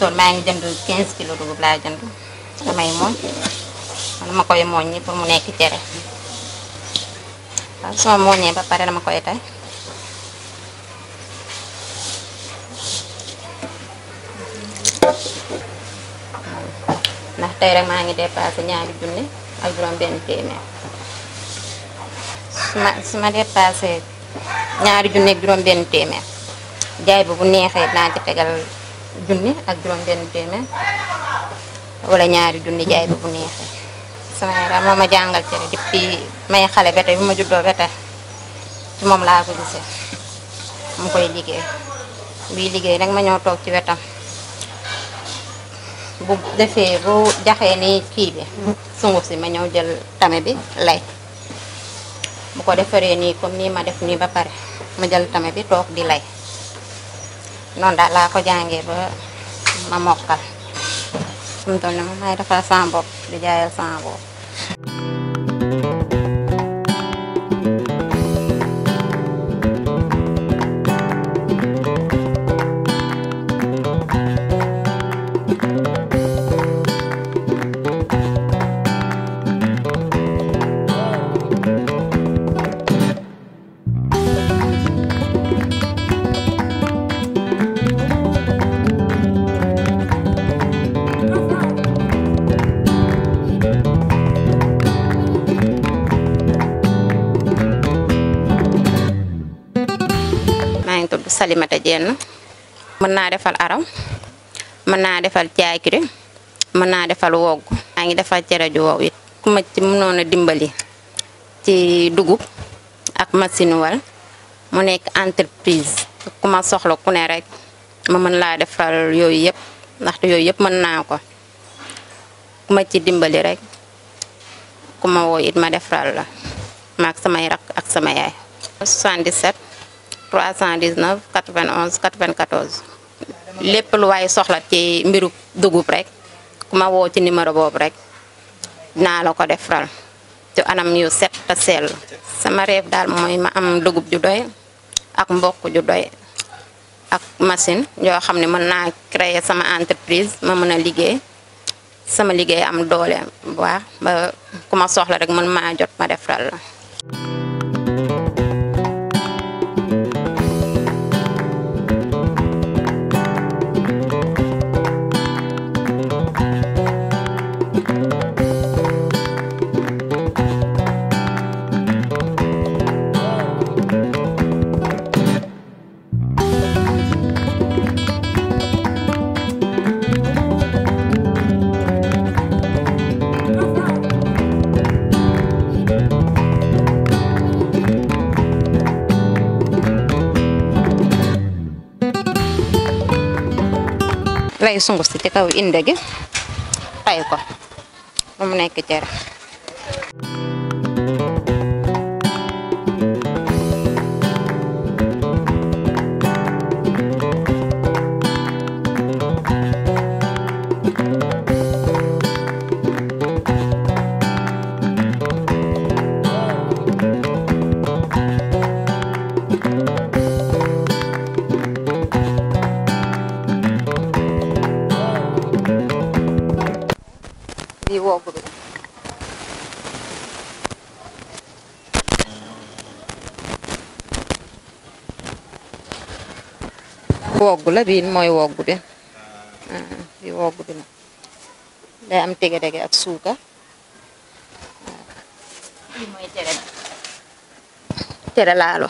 tool maa ngi 15 kilo dugub laa jënd damay mooñ man ma koy mooñ ni pour mu nekk cere waaw suma ba pare dama koy tay ndax tey rek maa ngi dépassé ñaari junni ak juróom benn téeméer su ma dépassé ñaari junni ak juróom jaay bu ci junni ak juroom ben téeméer wala ñaari junni jaay bu neexee sama yaay mama ma ci depuis may xalé ba bima juddo ma ci mom la ko gisee mu koy liggéey buy liggéey nag ma ñoo tok ci wetam bu defee bu jaxé ni ki bi sunguf ci ma ñoo jël tamé bi lay bu ko defaree ni comme ni ma def ni ba paré ma jël tamé bi tok di lay non daal laa ko jàngee ba ma mokkal. fi mu toll nii may defar sama di jaayal sama jenn mën naa defal araw mën naa defal caakiri mën naa defal wogg maa ngi defal cere ju wow it ku ma ci mënoon dimbali ci dugub ak machine wal mu nekk entreprise ku ma soxla ku ne rekk ma mën laa defal yooyu yëpp ndaxte yooyu yëpp mën naa ko ku ma ci dimbali rek ku ma woo it ma defal la maak samay rakk ak sama yaay 319 91 94 lépp lu waaye soxla ci mbiru dugub rek ku ma woo ci numéro boobu rek naa la ko defaral te anam yu set te sell sama rêve daal mooy ma am dugub ju doy ak mboq ju doy ak machine yoo xam ne mën naa créer sama entreprise ma mën a liggéey sama liggéey am doole bu baax ba ku ma soxla rek mën maa jot ma defaral la ay sunguf si ci kaw inde gi tay ko mu nekk cere woggu la bii mooy woggu bi bi woggu bi la day am tege dege ak suuka tere laalo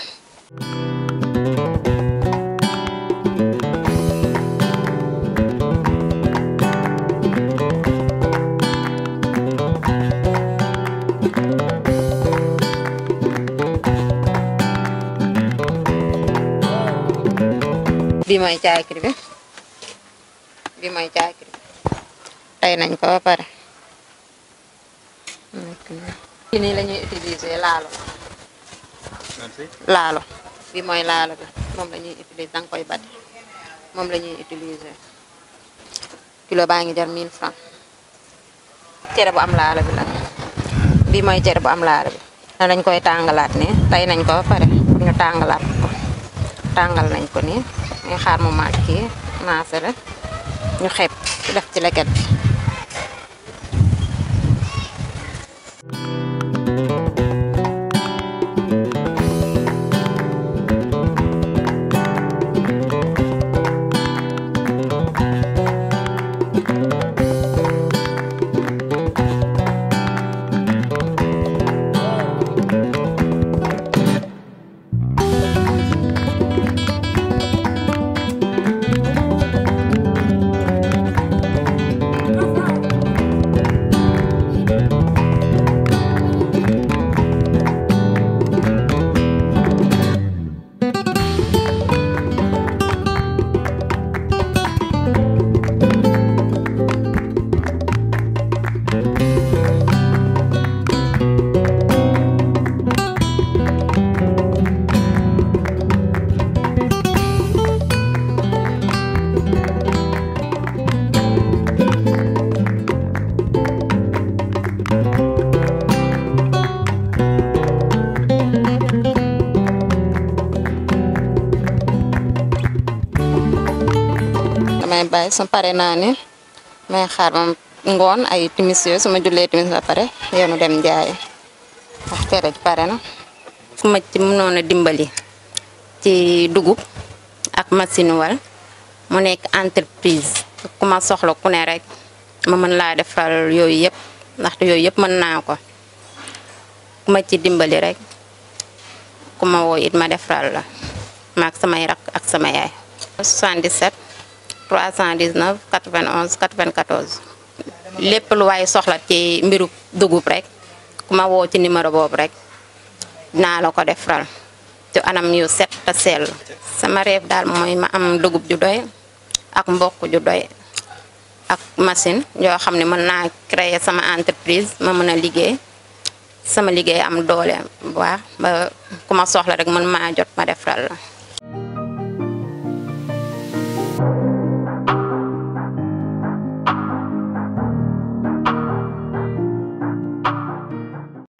bi mooy caakiri bi bii mooy caakiri tey nañ ko ba pare ci nii lañuy ñuy laalo laalo bi mooy laalo bi moom lañuy ñuy danga koy bate moom lañuy ñuy kilo baa ngi jar 1000 francs cere bu am laalo bi la bi mooy cere bu am laalo bi na dañ koy tàngalaat nii tay nañ ko ba pare pour ñu tàngalaat ko tàngal nañ ko nii ñu xaar mu màgg kii maafere ñu xeeb def ci leket bi may bay sam pare naa ni may xaar moom ngone ay timisio yooyu julé timis la pare yéno dem jaay wax cere ji paré na fu ma ci mënoon dimbali ci dugub ak machine wal mu nek entreprise ku ma soxla ku né rek ma mën laa defal yooyu yëpp ndaxte yoy yépp mën naa ko ku ma ci dimbali rek ku ma woo it ma defaral la maak sama rak ak sama yaay 77 319 91 94 lépp lu waaye soxla ci mbiru dugub rek ku ma woo ci numéro boobu rek naa la ko defaral te anam yu set te sell sama rêve daal mooy ma am dugub ju doy ak mboq ju doy ak machine yoo xam ne mën naa créer sama entreprise ma mën a liggéey sama liggéey am doole bu baax ba ku ma soxla rek mën maa jot ma defaral la